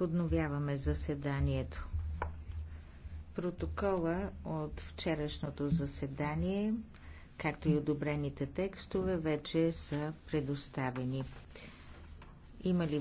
Подновяваме заседанието. Протокола от вчерашното заседание, както и одобрените текстове, вече са предоставени. Има ли